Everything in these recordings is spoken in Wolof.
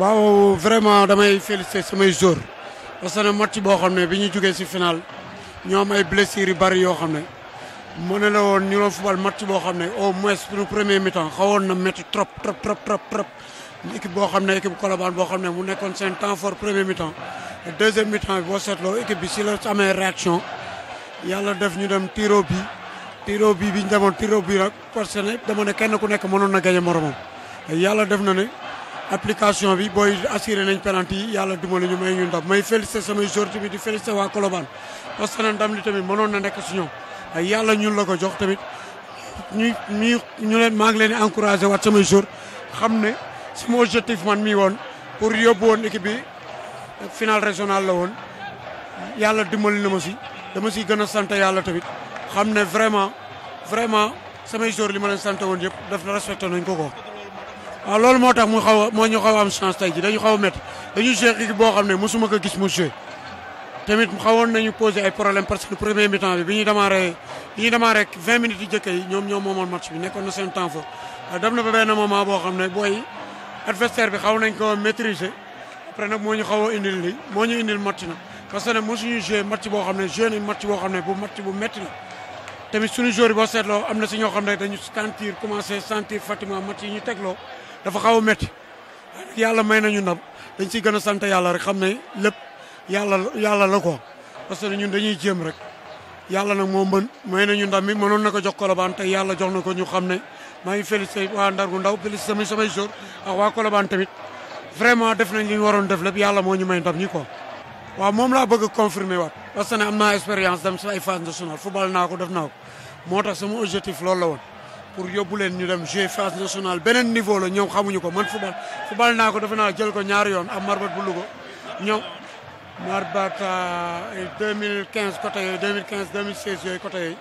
waaw vraiment damay féliciter samay joueurs parce que match boo xam ne bi ñu jugee si final ñoo am ay blessures yu bari yoo xam ne mën ne la woon ñu doon football match boo xam ne au moins pour premier mi xawoon na métti trop trop trop trop trop équipe boo xam ne équipe Colobane boo xam ne mu nekkoon seen temps fort premier mi-temps deuxième mi-temps bi boo bi si la amee réaction yàlla def ñu dem tiro bi tiro bii bi ñu demoon tiro bi nag parce que dama ne kenn ku nekk mënoon na gagner moromam yàlla def na ne. application bi booy assuré nañ penalty yi yàlla dimbali ñu may ñu ndam may félicité samay joueurs tamit i félicité waa Colobane parce que ndam li tamit mënoon na nekk si ñoom ay yàlla ñun la ko jox tamit ñu ñu ñu leen maa ngi leen di wax waat samay joueurs xam ne sama objectif man mii woon pour yóbbu woon équipe bi finale régionale la woon yàlla dimbali na ma si dama si gën a sant yàlla tamit xam ne vraiment vraiment samay joueurs li ma leen sante woon yëpp daf respecté nañ ko ko waaw loolu moo tax mu xaw a moo ñu xaw a am chance tey ji dañu xaw a métti dañu joué équipe boo xam ne mosuma ko gis mu joué tamit xawoon nañu posé ay problème parce que premier mi-temps bi bi ñuy démarré bi ñuy démarré 20 jëkk yi ñoom ñoo moomoon match bi nekkoon na seen temps fort ah, xam ne booy adversaire bi xaw nañ ko maîtriser moo ñu xaw a indil moo ñu indil match na parce que nag mosuñu joué match boo xam ne joué nañ match boo xam ne bu match bu métti la tamit suñu joueur yi boo seetloo am na si ñoo xam ne dañu sentir commencé sentir Fatima match yi ñu tegloo dafa xaw a métti yàlla may nañu ndam dañ siy gën a sant yàlla rek xam ne lépp yàlla yàlla la ko parce que ñun dañuy jéem rek yàlla nag moo mën may nañu ndam mi noon na ko jox Colobane tey yàlla jox na ko ñu xam ne maa ngi félicité waa Ndargu Ndaw félicité samay samay jour ak waa Colobane tamit vraiment def nañ li ñu waroon def lépp yàlla moo ñu may ndam ñi ko waaw moom laa bëgg a confirmer waat parce ne am naa expérience dem si ay phase nationale football naa ko def naa ko moo tax sama objectif loolu la woon. pour yóbbu leen ñu dem jouer phase nationale beneen niveau la ñoom xamuñu ko man football football naa ko defe naa jël ko ñaar yoon am marbat bu Louga ñoom marbat 2015 euh, côté yooyu 2015 2016 yooyu côté yooyu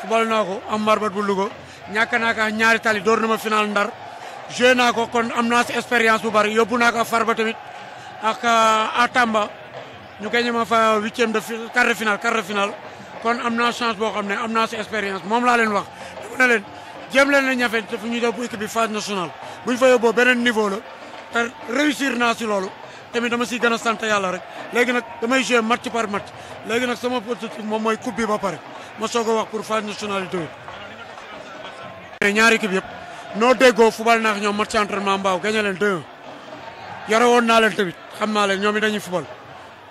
football naa ko am marbat bu Louga naa ko ñaari tali door na ma final ndar joué naa ko kon am naa si expérience bu bari yóbbu naa ko ba tamit ak euh, a Tamba ñu gagné ma fa huitième de quart de finale de finale kon am naa chance boo xam ne am naa si expérience moom laa leen wax jéem leen na ñafe te fu ñuy def bu équipe bi phase nationale ñu fa yóbboo beneen niveau la te réussir naa si loolu tamit dama si gën a sant yàlla rek léegi nag damay mat match par match léegi nag sama objectif moom mooy coupe ba pare ma soog a wax pour phase nationale yi ñaari équipe yëpp noo déggoo fubal naax ñoom match entraînement mbaaw gagné leen 2-1 yore woon naa leen tamit xam naa leen ñoom it dañuy football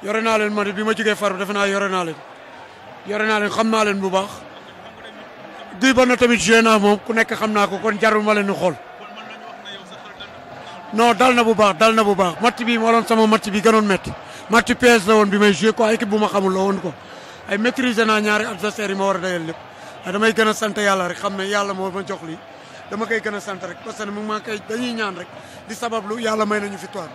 yore naa leen man bi ma jógee far defe naa yore naa leen naa xam naa leen bu baax Guy Borgnes tamit joué naa moom ku nekk xam naa ko kon jarul ma leen xool non dal na bu baax dal na bu baax match bi moo doon sama match bi gënoon métti match PS la woon bi may ko quoi équipe bu ma xamul la woon quoi ay maîtriser naa ñaari adversaires yi ma war a dajal lépp ah, damay gën a sant yàlla rek xam ne yàlla moo ma jox lii dama koy gën a sant rek parce que mu ma koy dañuy ñaan rek di sabablu yàlla may nañu victoire